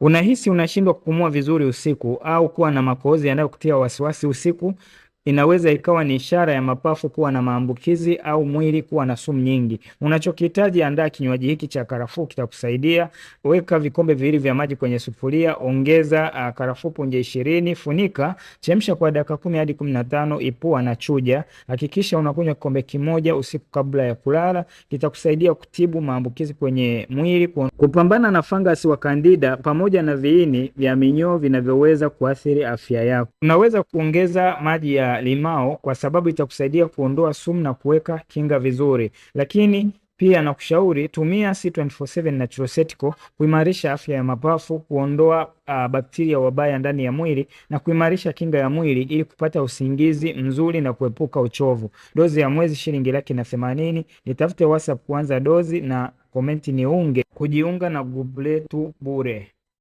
Unahisi unashindwa kupumua vizuri usiku au kuwa na makohozi yanayokutia wasiwasi usiku inaweza ikawa ni ishara ya mapafu kuwa na maambukizi au mwili kuwa na sumu nyingi. Unachokihitaji, andaa kinywaji hiki cha karafuu, kitakusaidia. Weka vikombe viwili vya maji kwenye sufuria, ongeza uh, karafuu punje ishirini, funika, chemsha kwa dakika kumi hadi kumi na tano. Ipua na chuja. Hakikisha unakunywa kikombe kimoja usiku kabla ya kulala. Kitakusaidia kutibu maambukizi kwenye mwili, kupambana na fangasi wa kandida pamoja na viini vya minyoo vinavyoweza kuathiri afya yako. Unaweza kuongeza maji ya limao kwa sababu itakusaidia kuondoa sumu na kuweka kinga vizuri, lakini pia nakushauri tumia c 247 7 Naturocetical kuimarisha afya ya mapafu, kuondoa uh, bakteria wabaya ndani ya mwili na kuimarisha kinga ya mwili ili kupata usingizi mzuri na kuepuka uchovu. Dozi ya mwezi shilingi laki na themanini. Nitafute WhatsApp kuanza dozi na komenti niunge kujiunga na grupu letu bure.